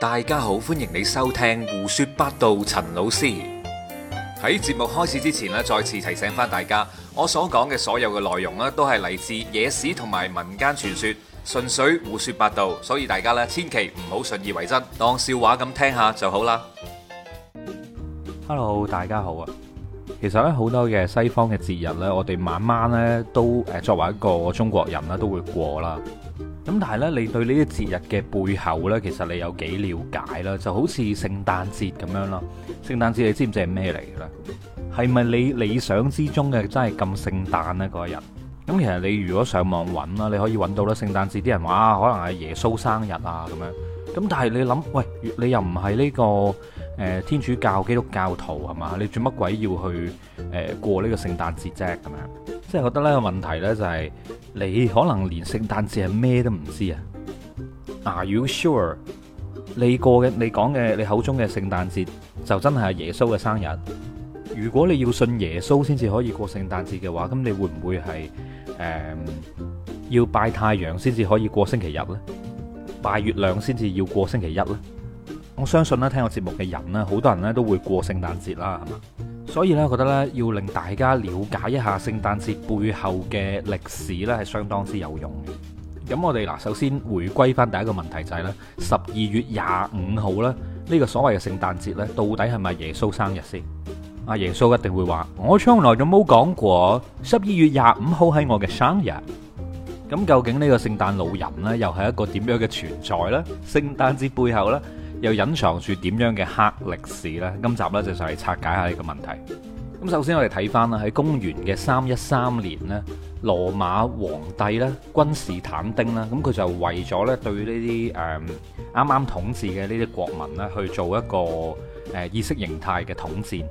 大家好，歡迎你收聽胡說八道。陳老師喺節目開始之前咧，再次提醒翻大家，我所講嘅所有嘅內容咧，都係嚟自野史同埋民間傳說，純粹胡說八道，所以大家咧千祈唔好信以為真，當笑話咁聽下就好啦。Hello，大家好啊。其實咧，好多嘅西方嘅節日咧，我哋慢慢呢都誒，作為一個中國人咧都會過啦。.咁但係咧，你對呢啲節日嘅背後呢，其實你有幾了解啦？就好似聖誕節咁樣啦，聖誕節你知唔知係咩嚟嘅？係咪你理想之中嘅真係咁聖誕呢嗰一日？咁其實你如果上網揾啦，你可以揾到啦，聖誕節啲人話可能係耶穌生日啊咁樣。咁但係你諗，喂，你又唔係呢個誒、呃、天主教基督教徒係嘛？你做乜鬼要去誒、呃、過呢個聖誕節啫？係咪？即係覺得呢個問題呢、就是，就係你可能連聖誕節係咩都唔知啊？Are you sure？你過嘅你講嘅你口中嘅聖誕節就真係阿耶穌嘅生日？如果你要信耶穌先至可以過聖誕節嘅話，咁你會唔會係誒、呃、要拜太陽先至可以過星期日呢？拜月亮先至要過星期一呢？我相信咧聽我節目嘅人呢，好多人呢都會過聖誕節啦，係咪？所以咧，覺得咧要令大家了解一下聖誕節背後嘅歷史咧，係相當之有用嘅。咁我哋嗱，首先回歸返第一個問題就係咧，十二月廿五號咧呢個所謂嘅聖誕節咧，到底係咪耶穌生日先？阿耶穌一定會話，我從來就冇講過十二月廿五號係我嘅生日。咁究竟呢個聖誕老人呢，又係一個點樣嘅存在呢？聖誕節背後呢，又隱藏住點樣嘅黑歷史呢？今集呢，就嚟拆解下呢個問題。咁首先我哋睇翻啦，喺公元嘅三一三年呢，羅馬皇帝咧君士坦丁啦，咁佢就為咗呢對呢啲啱啱統治嘅呢啲國民呢去做一個、呃、意識形態嘅統戰，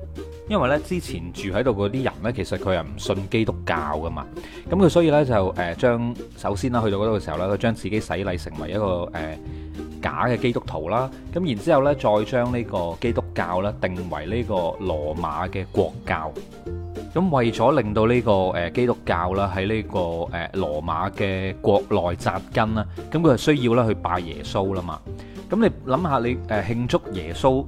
因為呢，之前住喺度嗰啲人呢，其實佢又唔信基督教噶嘛，咁佢所以呢，就將、呃、首先啦去到嗰度嘅時候呢，佢將自己洗禮成為一個誒，呃假嘅基督徒啦，咁然之後咧，再將呢個基督教咧定為呢個羅馬嘅國教。咁為咗令到呢個誒基督教啦喺呢個誒羅馬嘅國內扎根啦，咁佢係需要咧去拜耶穌啦嘛。咁你諗下，你誒慶祝耶穌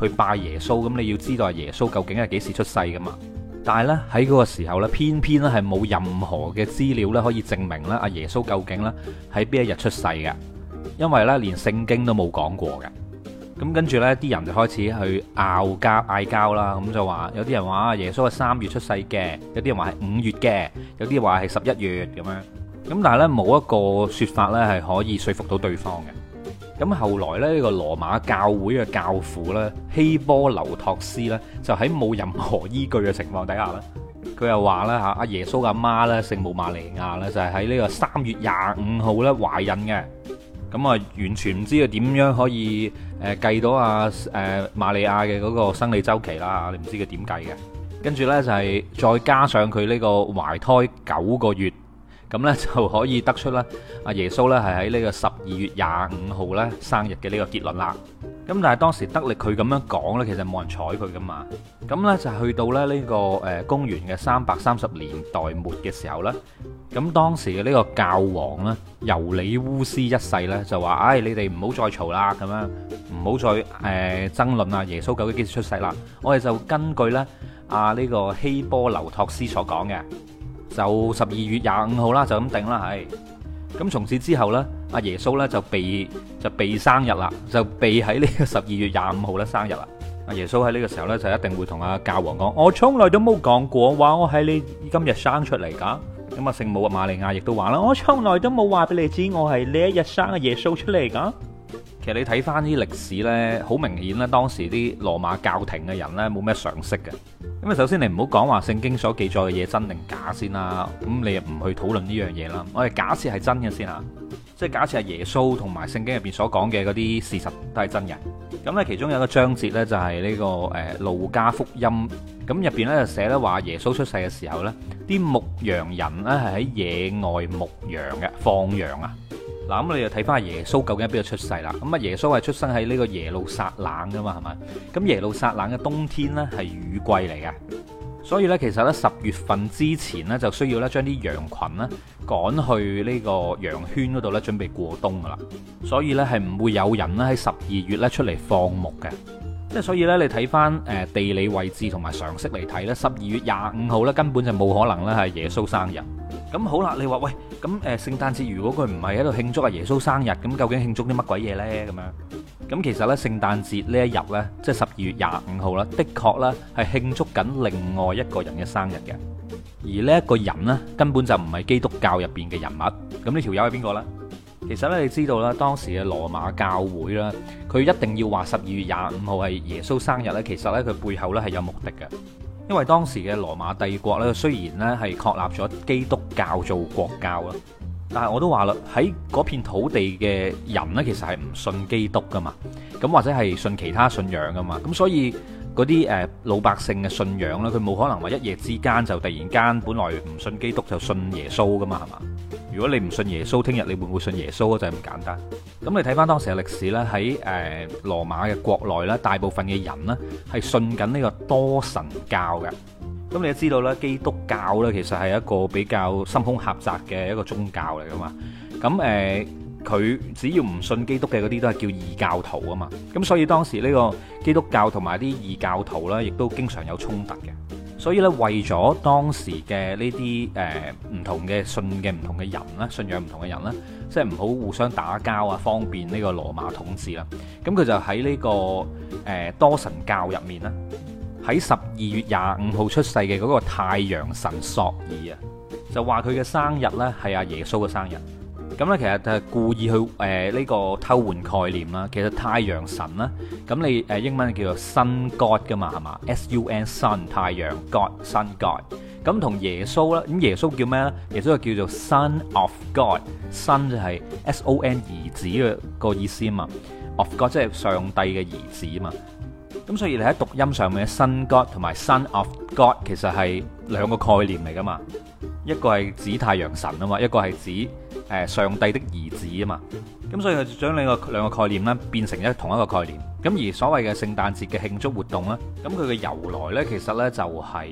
去拜耶穌，咁你要知道阿耶穌究竟係幾時出世㗎嘛？但係咧喺嗰個時候咧，偏偏咧係冇任何嘅資料咧可以證明咧阿耶穌究竟咧喺邊一日出世嘅。因為咧，連聖經都冇講過嘅。咁，跟住咧啲人就開始去拗交嗌交啦。咁就話有啲人話啊，耶穌係三月出世嘅；有啲人話係五月嘅；有啲話係十一月咁樣。咁但係咧冇一個説法咧係可以說服到對方嘅。咁後來咧呢個羅馬教會嘅教父咧希波流托斯咧就喺冇任何依據嘅情況底下咧，佢又話咧嚇阿耶穌阿媽咧聖母瑪麗亞咧就係喺呢個三月廿五號咧懷孕嘅。咁啊，完全唔知佢點樣可以誒計到啊誒瑪利亞嘅嗰個生理周期啦，你唔知佢點計嘅。跟住咧就係再加上佢呢個懷胎九個月。咁咧就可以得出咧，阿耶穌咧係喺呢個十二月廿五號咧生日嘅呢個結論啦。咁但係當時得力佢咁樣講咧，其實冇人睬佢噶嘛。咁咧就去到咧呢個誒公元嘅三百三十年代末嘅時候咧，咁當時嘅呢個教皇咧，尤里烏斯一世咧就話：唉，你哋唔好再嘈啦，咁樣唔好再誒爭論啦。耶穌究竟幾時出世啦？我哋就根據咧阿呢個希波劉托斯所講嘅。就十二月廿五號啦，就咁定啦係。咁從此之後呢，阿耶穌呢就被就被生日啦，就被喺呢個十二月廿五號咧生日啦。阿耶穌喺呢個時候呢，就一定會同阿教皇講、嗯，我從來都冇講過話我喺你今日生出嚟噶。咁啊，聖母瑪利亞亦都話啦，我從來都冇話俾你知我係呢一日生阿耶穌出嚟噶。其實你睇翻啲歷史咧，好明顯咧，當時啲羅馬教廷嘅人咧冇咩常識嘅。咁啊，首先你唔好講話聖經所記載嘅嘢真定假先啦。咁你唔去討論呢樣嘢啦。我哋假設係真嘅先啦，即係假設係耶穌同埋聖經入邊所講嘅嗰啲事實都係真嘅。咁咧，其中有一個章節咧，就係呢個誒路加福音，咁入邊咧就寫咧話耶穌出世嘅時候咧，啲牧羊人咧係喺野外牧羊嘅放羊啊。嗱，咁你又睇翻下耶穌究竟喺邊度出世啦？咁啊，耶穌係出生喺呢個耶路撒冷噶嘛，係咪？咁耶路撒冷嘅冬天呢係雨季嚟嘅，所以呢，其實呢十月份之前呢就需要呢將啲羊群呢趕去呢個羊圈嗰度呢準備過冬噶啦，所以呢，係唔會有人呢喺十二月呢出嚟放牧嘅。即係所以呢，你睇翻誒，地理位置同埋常識嚟睇呢，十二月廿五號呢根本就冇可能呢係耶穌生日。咁好啦，你話喂，咁誒，聖誕節如果佢唔係喺度慶祝阿耶穌生日，咁究竟慶祝啲乜鬼嘢呢？咁樣，咁其實呢，聖誕節呢一日呢，即係十二月廿五號啦，的確呢係慶祝緊另外一個人嘅生日嘅，而呢一個人呢根本就唔係基督教入邊嘅人物。咁呢條友係邊個呢？其實咧，你知道啦，當時嘅羅馬教會啦，佢一定要話十二月廿五號係耶穌生日咧。其實咧，佢背後咧係有目的嘅，因為當時嘅羅馬帝國咧，雖然咧係確立咗基督教做國教啦，但係我都話啦，喺嗰片土地嘅人咧，其實係唔信基督㗎嘛，咁或者係信其他信仰㗎嘛，咁所以嗰啲誒老百姓嘅信仰咧，佢冇可能話一夜之間就突然間，本來唔信基督就信耶穌㗎嘛，係嘛？如果你唔信耶穌，聽日你會唔會信耶穌？就係唔簡單。咁你睇翻當時嘅歷史咧，喺誒羅馬嘅國內咧，大部分嘅人咧係信緊呢個多神教嘅。咁你都知道咧，基督教咧其實係一個比較心胸狹窄嘅一個宗教嚟噶嘛。咁誒，佢只要唔信基督嘅嗰啲都係叫異教徒啊嘛。咁所以當時呢個基督教同埋啲異教徒咧，亦都經常有衝突嘅。所以咧，為咗當時嘅呢啲誒唔同嘅信嘅唔同嘅人咧，信仰唔同嘅人咧，即係唔好互相打交啊，方便呢個羅馬統治啦。咁佢就喺呢個誒多神教入面咧，喺十二月廿五號出世嘅嗰個太陽神索爾啊，就話佢嘅生日呢係阿耶穌嘅生日。咁咧，其實就係故意去誒呢個偷換概念啦。其實太陽神啦，咁你誒英文叫做 Sun God 噶嘛，係嘛？S U N Sun 太陽 God Sun God。咁同耶穌啦，咁耶穌叫咩咧？耶穌就叫做 Son of God。Son 就係 S O N 兒子嘅個意思啊嘛。Of God 即係上帝嘅兒子啊嘛。咁所以你喺讀音上面，Sun God 同埋 Son of God 其實係兩個概念嚟噶嘛。一個係指太陽神啊嘛，一個係指誒上帝的兒子啊嘛，咁所以佢就將呢個兩個概念咧變成一同一個概念。咁而所謂嘅聖誕節嘅慶祝活動啦，咁佢嘅由來呢，其實呢就係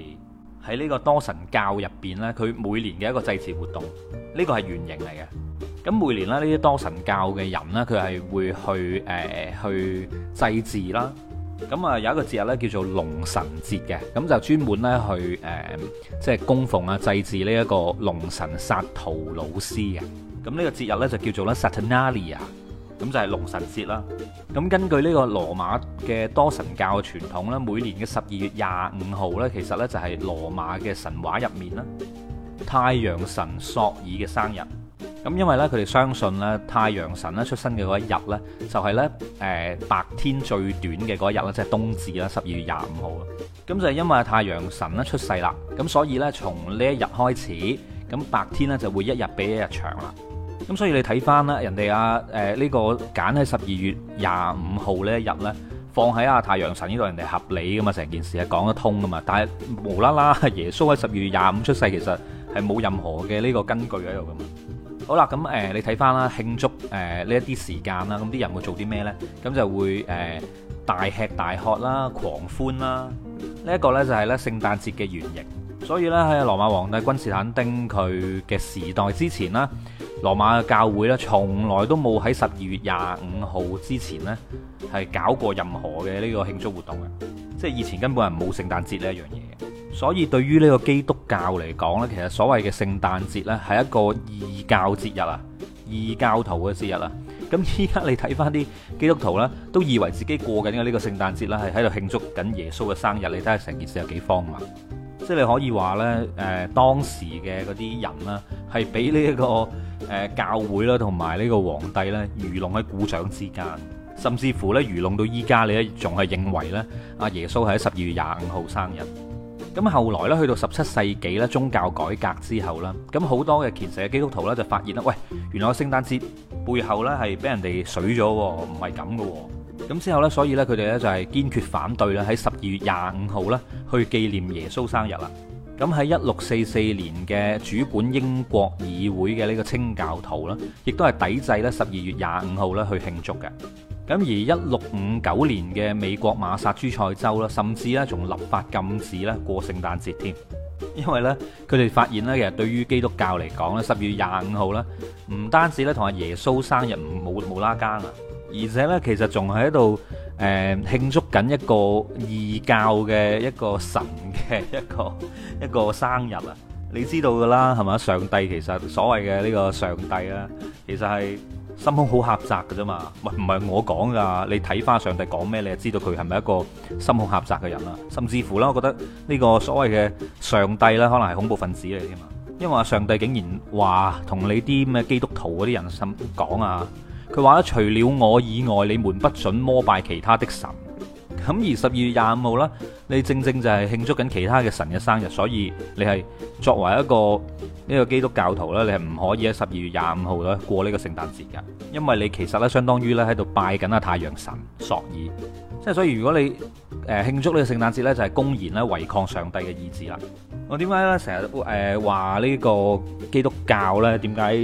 喺呢個多神教入邊呢，佢每年嘅一個祭祀活動，呢個係原型嚟嘅。咁每年呢，呢啲多神教嘅人呢，佢係會去誒、呃、去祭祀啦。咁啊，有一個節日咧，叫做龍神節嘅，咁就專門咧去、呃、即係供奉啊、祭祀龍呢一個龍神薩圖老師嘅。咁呢個節日咧就叫做咧 Saturnalia，咁就係龍神節啦。咁根據呢個羅馬嘅多神教傳統呢，每年嘅十二月廿五號咧，其實咧就係、是、羅馬嘅神話入面啦，太陽神索爾嘅生日。咁因為呢，佢哋相信呢，太陽神咧出生嘅嗰一日呢，就係呢誒白天最短嘅嗰一日咧，即係冬至啦，十二月廿五號啦。咁就係因為太陽神咧出世啦，咁所以呢，從呢一日開始，咁白天呢就會一日比一日長啦。咁所以你睇翻啦，人哋呀，呢個揀喺十二月廿五號呢一日呢，放喺阿太陽神呢度，人哋合理噶嘛，成件事係講得通噶嘛。但係無啦啦，耶穌喺十二月廿五出世，其實係冇任何嘅呢個根據喺度噶嘛。好啦，咁、呃、你睇翻啦，慶祝呢一啲時間啦，咁啲人會做啲咩呢？咁就會、呃、大吃大喝啦，狂歡啦，呢、這、一個呢就係呢聖誕節嘅原型。所以呢，喺羅馬皇帝君士坦丁佢嘅時代之前啦，羅馬嘅教會呢從來都冇喺十二月廿五號之前呢係搞過任何嘅呢個慶祝活動嘅，即係以前根本係冇聖誕節呢樣嘢。所以，對於呢個基督教嚟講咧，其實所謂嘅聖誕節咧，係一個異教節日啊，異教徒嘅節日啦。咁依家你睇翻啲基督徒咧，都以為自己過緊嘅呢個聖誕節咧，係喺度慶祝緊耶穌嘅生日。你睇下成件事有幾荒謬？即係你可以話咧，誒當時嘅嗰啲人咧，係俾呢一個誒教會啦，同埋呢個皇帝咧，愚弄喺股掌之間，甚至乎咧愚弄到依家你咧，仲係認為咧，阿耶穌係喺十二月廿五號生日。咁後來咧，去到十七世紀咧，宗教改革之後啦，咁好多嘅虔誠嘅基督徒咧就發現啦，喂，原來個聖誕節背後咧係俾人哋水咗，唔係咁嘅。咁之後呢，所以呢，佢哋呢，就係堅決反對啦，喺十二月廿五號咧去紀念耶穌生日啦。咁喺一六四四年嘅主管英國議會嘅呢個清教徒呢，亦都係抵制咧十二月廿五號咧去慶祝嘅。咁而一六五九年嘅美國馬薩諸塞州啦，甚至咧仲立法禁止咧過聖誕節添，因為咧佢哋發現咧，其實對於基督教嚟講咧，十二月廿五號咧，唔單止咧同阿耶穌生日冇冇拉更啊，而且咧其實仲喺度誒慶祝緊一個異教嘅一個神嘅一個一個生日啊！你知道㗎啦，係咪？上帝其實所謂嘅呢個上帝啊，其實係。心胸好狹窄㗎啫嘛，唔唔係我講㗎，你睇返上帝講咩，你就知道佢係咪一個心胸狹窄嘅人啦。甚至乎啦，我覺得呢個所謂嘅上帝呢，可能係恐怖分子嚟添啊！因為上帝竟然話同你啲咩基督徒嗰啲人講啊，佢話除了我以外，你們不准膜拜其他的神。咁而十二月廿五號呢，你正正就係慶祝緊其他嘅神嘅生日，所以你係作為一個呢個基督教徒咧，你係唔可以喺十二月廿五號咧過呢個聖誕節㗎，因為你其實咧相當於咧喺度拜緊啊太陽神索爾，即係所以如果你誒慶祝呢個聖誕節咧，就係公然咧違抗上帝嘅意志啦。我點解咧成日話呢個基督教咧點解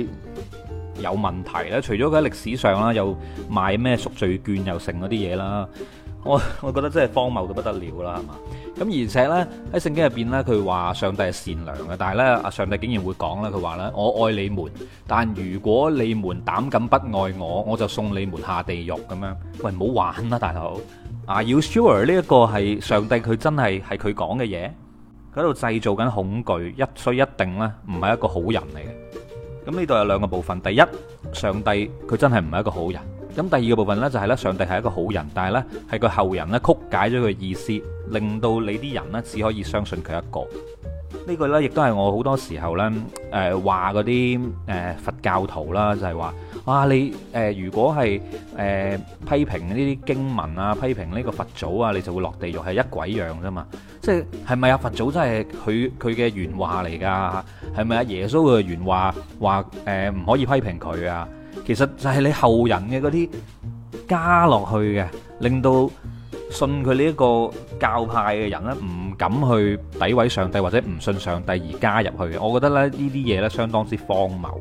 有問題咧？除咗佢喺歷史上啦又賣咩贖罪券又成嗰啲嘢啦。我我覺得真係荒謬到不得了啦，係嘛？咁而且呢，喺聖經入邊呢，佢話上帝係善良嘅，但係呢，阿上帝竟然會講啦，佢話呢，我愛你們，但如果你們膽敢不愛我，我就送你們下地獄咁樣。喂，唔好玩啦，大佬！Are you sure 呢一個係上帝佢真係係佢講嘅嘢？佢喺度製造緊恐懼，一衰一定呢，唔係一個好人嚟嘅。咁呢度有兩個部分，第一，上帝佢真係唔係一個好人。咁第二個部分呢，就係呢，上帝係一個好人，但係呢，係佢後人呢曲解咗佢意思，令到你啲人呢，只可以相信佢一個。呢個呢，亦都係我好多時候呢誒話嗰啲誒佛教徒啦，就係話：哇、啊，你誒如果係誒批評呢啲經文啊，批評呢個佛祖啊，你就會落地獄係一鬼樣啫嘛！即係係咪啊？佛祖真係佢佢嘅原話嚟㗎？係咪啊？耶穌嘅原話話誒唔可以批評佢啊？其實就係你後人嘅嗰啲加落去嘅，令到信佢呢一個教派嘅人咧，唔敢去詆毀上帝或者唔信上帝而加入去嘅。我覺得咧呢啲嘢咧相當之荒謬，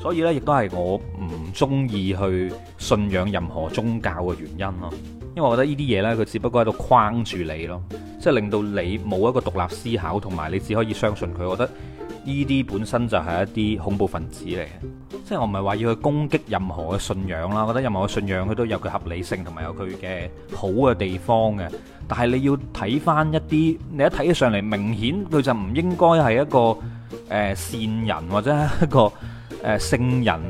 所以咧亦都係我唔中意去信仰任何宗教嘅原因咯。因為我覺得呢啲嘢咧，佢只不過喺度框住你咯，即係令到你冇一個獨立思考，同埋你只可以相信佢。我覺得。呢啲本身就係一啲恐怖分子嚟嘅，即係我唔係話要去攻擊任何嘅信仰啦。我覺得任何嘅信仰佢都有佢合理性，同埋有佢嘅好嘅地方嘅。但係你要睇翻一啲，你一睇上嚟明顯佢就唔應該係一個誒善人或者一個誒聖人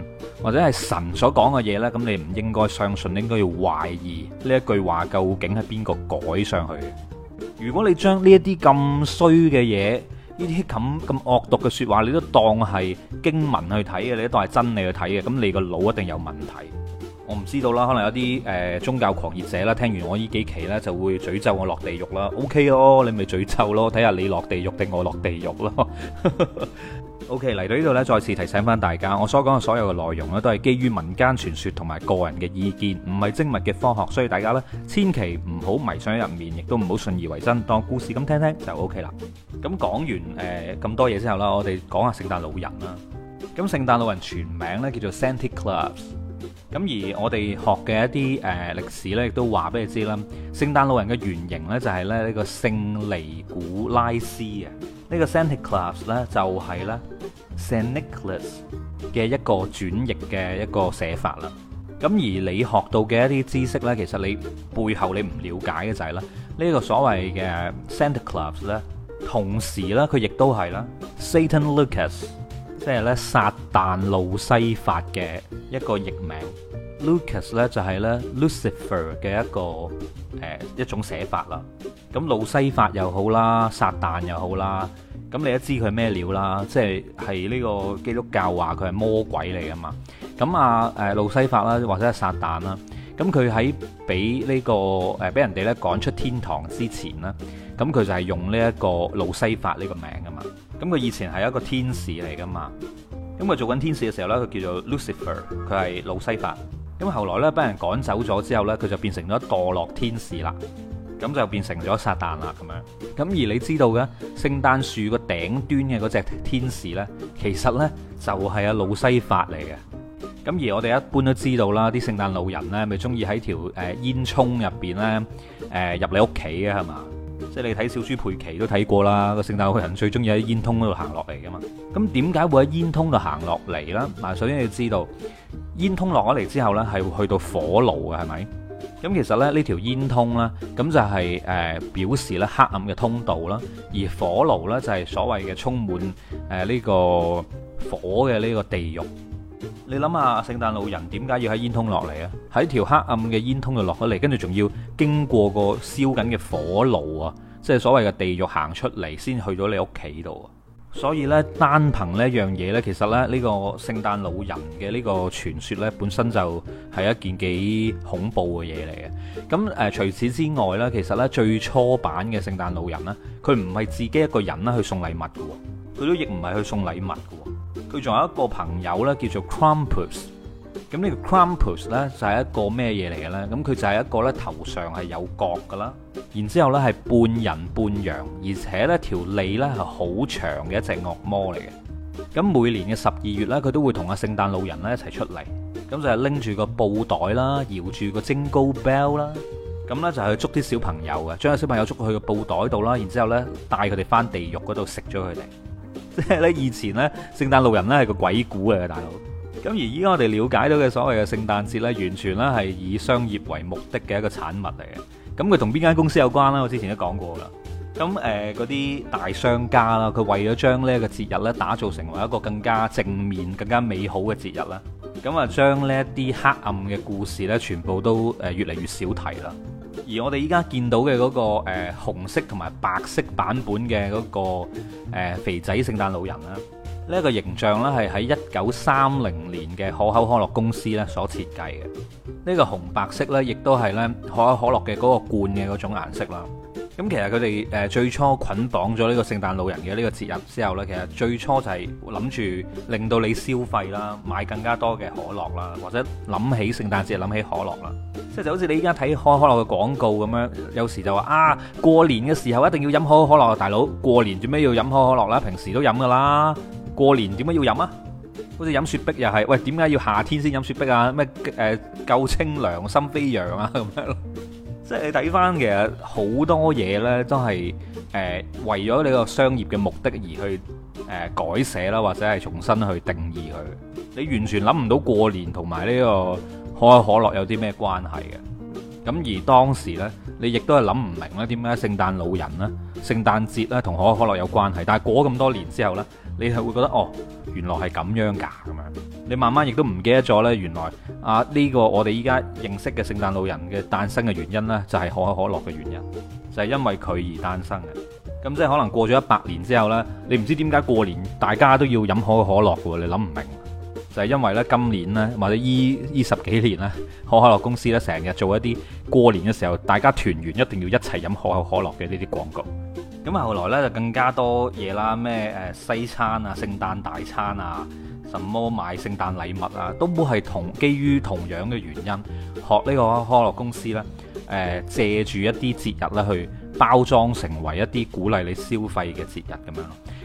或者係神所講嘅嘢呢。咁你唔應該相信，應該要懷疑呢一句話究竟係邊個改上去嘅。如果你將呢一啲咁衰嘅嘢，呢啲咁咁惡毒嘅說話，你都當係經文去睇嘅，你都當係真理去睇嘅，咁你個腦一定有問題。我唔知道啦，可能有啲、呃、宗教狂熱者啦，聽完我呢幾期呢，就會詛咒我落地獄啦。OK 咯、啊，你咪詛咒咯，睇下你落地獄定我落地獄咯。 OK 嚟到呢度呢，再次提醒翻大家，我所講嘅所有嘅內容呢，都係基於民間傳說同埋個人嘅意見，唔係精密嘅科學，所以大家呢，千祈唔好迷上入面，亦都唔好信以為真，當故事咁聽聽就 OK 啦。咁講完咁、呃、多嘢之後啦，我哋講下聖誕老人啦。咁聖誕老人全名呢，叫做 Santa Claus。咁而我哋學嘅一啲誒、呃、歷史咧，亦都話俾你知啦。聖誕老人嘅原型咧，就係、是、咧呢、這個聖尼古拉斯啊。這個、呢個 Santa Claus 咧，就係、是、咧 Saint Nicholas 嘅一個轉譯嘅一個寫法啦。咁、嗯、而你學到嘅一啲知識咧，其實你背後你唔了解嘅就係咧呢、這個所謂嘅 Santa Claus 咧，同時咧佢亦都係啦，Satan Lucas。即係咧，撒旦路西法嘅一個譯名，Lucas 咧就係咧 Lucifer 嘅一個誒一種寫法啦。咁路西法又好啦，撒旦又好啦。咁你都知佢咩料啦？即係係呢個基督教話佢係魔鬼嚟噶嘛？咁啊誒路西法啦，或者係撒旦啦。咁佢喺俾呢個誒俾人哋咧趕出天堂之前啦，咁佢就係用呢一個路西法呢個名噶嘛。咁佢以前係一個天使嚟噶嘛，咁佢做緊天使嘅時候呢，佢叫做 Lucifer，佢係路西法。咁後來呢，俾人趕走咗之後呢，佢就變成咗墮落天使啦，咁就變成咗撒旦啦咁樣。咁而你知道嘅聖誕樹個頂端嘅嗰隻天使呢，其實呢就係阿路西法嚟嘅。咁而我哋一般都知道啦，啲聖誕老人呢咪中意喺條誒煙囪入邊呢，誒入你屋企嘅係嘛？即係你睇小豬佩奇都睇過啦，個聖誕老人最中意喺煙囪嗰度行落嚟噶嘛？咁點解會喺煙囪度行落嚟啦？嗱，首先要知道煙囪落咗嚟之後呢係會去到火爐嘅係咪？咁其實咧呢條煙囪啦，咁就係誒表示咧黑暗嘅通道啦，而火爐呢，就係所謂嘅充滿誒呢個火嘅呢個地獄。你諗下聖誕老人點解要喺煙囪落嚟啊？喺條黑暗嘅煙囪度落咗嚟，跟住仲要經過個燒緊嘅火爐啊！即係所謂嘅地獄行出嚟，先去到你屋企度啊。所以呢，單憑呢樣嘢呢，其實呢，呢個聖誕老人嘅呢個傳說呢，本身就係一件幾恐怖嘅嘢嚟嘅。咁誒，除此之外呢，其實呢，最初版嘅聖誕老人呢，佢唔係自己一個人去送禮物喎，佢都亦唔係去送禮物。佢仲有一個朋友咧，叫做 Krampus。咁呢個 Krampus 咧就係一個咩嘢嚟嘅咧？咁佢就係一個咧頭上係有角㗎啦，然之後咧係半人半羊，而且咧條脷咧係好長嘅一隻惡魔嚟嘅。咁每年嘅十二月咧，佢都會同阿聖誕老人咧一齊出嚟，咁就係拎住個布袋啦，搖住個 Jingle Bell 啦，咁咧就去捉啲小朋友嘅，將啲小朋友捉去個布袋度啦，然之後咧帶佢哋返地獄嗰度食咗佢哋。即係咧， 以前咧，聖誕老人咧係個鬼故嚟嘅，大佬。咁而依家我哋了解到嘅所謂嘅聖誕節咧，完全咧係以商業為目的嘅一個產物嚟嘅。咁佢同邊間公司有關啦？我之前都講過啦。咁誒嗰啲大商家啦，佢為咗將呢一個節日咧打造成為一個更加正面、更加美好嘅節日啦，咁啊將呢一啲黑暗嘅故事咧，全部都誒越嚟越少提啦。而我哋依家見到嘅嗰個誒紅色同埋白色版本嘅嗰個誒肥仔聖誕老人啦，呢、這、一個形象咧係喺一九三零年嘅可口可樂公司咧所設計嘅。呢、這個紅白色呢，亦都係呢可口可樂嘅嗰個罐嘅嗰種顏色啦。咁其實佢哋誒最初捆綁咗呢個聖誕老人嘅呢個節日之後呢，其實最初就係諗住令到你消費啦，買更加多嘅可樂啦，或者諗起聖誕節諗起可樂啦，即係就好似你依家睇可可樂嘅廣告咁樣，有時就話啊過年嘅時候一定要飲可可樂。大佬，過年做咩要飲可可樂啦，平時都飲噶啦，過年點解要飲啊？好似飲雪碧又係，喂，點解要夏天先飲雪碧、呃、夠啊？咩誒夠清涼心飛揚啊咁樣。即係你睇翻其實好多嘢呢都係誒、呃、為咗你個商業嘅目的而去誒、呃、改寫啦，或者係重新去定義佢。你完全諗唔到過年同埋呢個可口可樂有啲咩關係嘅。咁而當時呢，你亦都係諗唔明呢點解聖誕老人啦、聖誕節啦同可口可樂有關係？但係過咁多年之後呢，你係會覺得哦，原來係咁樣㗎咁樣。你慢慢亦都唔記得咗呢。原來啊呢個我哋依家認識嘅聖誕老人嘅誕生嘅原因呢，就係可口可樂嘅原因，就係因為佢而誕生嘅。咁即係可能過咗一百年之後呢，你唔知點解過年大家都要飲可口可樂嘅喎，你諗唔明？就係因為呢今年呢，或者依依十幾年呢，可口可樂公司呢成日做一啲過年嘅時候大家團圓一定要一齊飲可口可樂嘅呢啲廣告。咁後來呢，就更加多嘢啦，咩誒西餐啊、聖誕大餐啊。什麼買聖誕禮物啊，都冇係同基於同樣嘅原因學呢個可樂公司呢，借、呃、住一啲節日咧，去包裝成為一啲鼓勵你消費嘅節日咁樣。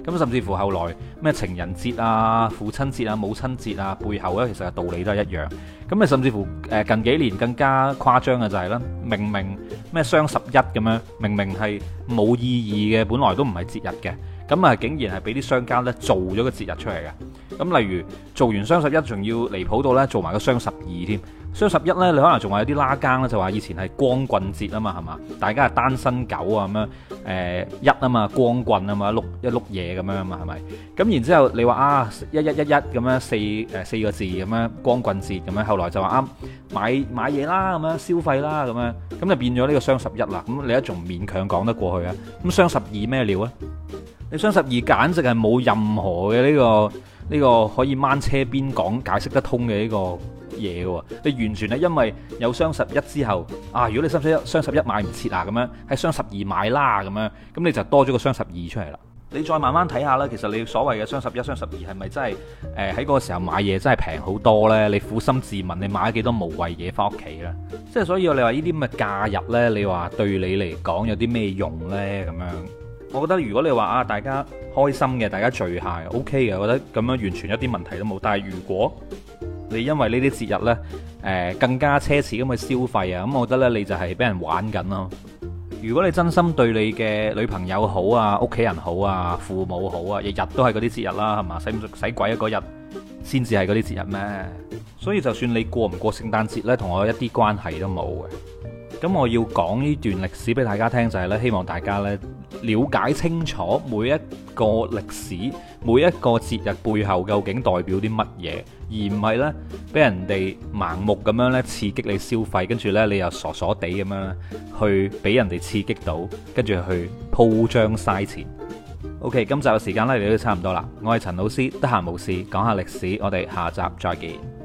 咁、嗯、甚至乎後來咩情人節啊、父親節啊、母親節啊，背後呢其實道理都係一樣。咁、嗯、啊，甚至乎、呃、近幾年更加誇張嘅就係、是、啦，明明咩雙十一咁樣，明明係冇意義嘅，本來都唔係節日嘅，咁、嗯、啊，竟然係俾啲商家呢做咗個節日出嚟嘅。咁例如做完雙十一，仲要離譜到呢，做埋個雙十二添。雙十一呢，你可能仲話有啲拉更啦就話以前係光棍節啊嘛，係嘛？大家係單身狗啊咁樣、欸、一啊嘛，光棍啊嘛，碌一碌嘢咁樣啊嘛，係咪？咁然之後你話啊一一一一咁樣四、呃、四個字咁、啊、樣光棍節咁、啊、樣，後來就話啱、啊、買買嘢啦咁樣消費啦咁樣，咁就變咗呢個雙十一啦。咁你一仲勉強講得過去啊？咁雙十二咩料啊？你雙十二簡直係冇任何嘅呢、呢個。呢個可以掹車邊講解釋得通嘅呢個嘢嘅喎，你完全係因為有雙十一之後，啊，如果你雙十一雙十一買唔切啊咁樣，喺雙十二買啦咁樣，咁你就多咗個雙十二出嚟啦。你再慢慢睇下啦，其實你所謂嘅雙十一、雙十二係咪真係誒喺嗰個時候買嘢真係平好多呢？你苦心自問，你買咗幾多無謂嘢返屋企呢？即係所以你話呢啲咁嘅假日呢，你話對你嚟講有啲咩用呢？咁樣。我覺得如果你話啊，大家開心嘅，大家聚下，OK 嘅，我覺得咁樣完全一啲問題都冇。但係如果你因為呢啲節日呢，誒、呃、更加奢侈咁去消費啊，咁我覺得呢，你就係俾人玩緊咯。如果你真心對你嘅女朋友好啊，屋企人好啊，父母好啊，日日都係嗰啲節日啦，係嘛，使唔使鬼啊？嗰日先至係嗰啲節日咩？所以就算你過唔過聖誕節呢，同我一啲關係都冇嘅。咁我要講呢段歷史俾大家聽就係咧，希望大家咧了解清楚每一個歷史、每一個節日背後究竟代表啲乜嘢，而唔係咧俾人哋盲目咁樣咧刺激你消費，跟住咧你又傻傻地咁樣去俾人哋刺激到，跟住去鋪張嘥錢。OK，今集嘅時間咧，你都差唔多啦。我係陳老師，得閒冇事講下歷史，我哋下集再見。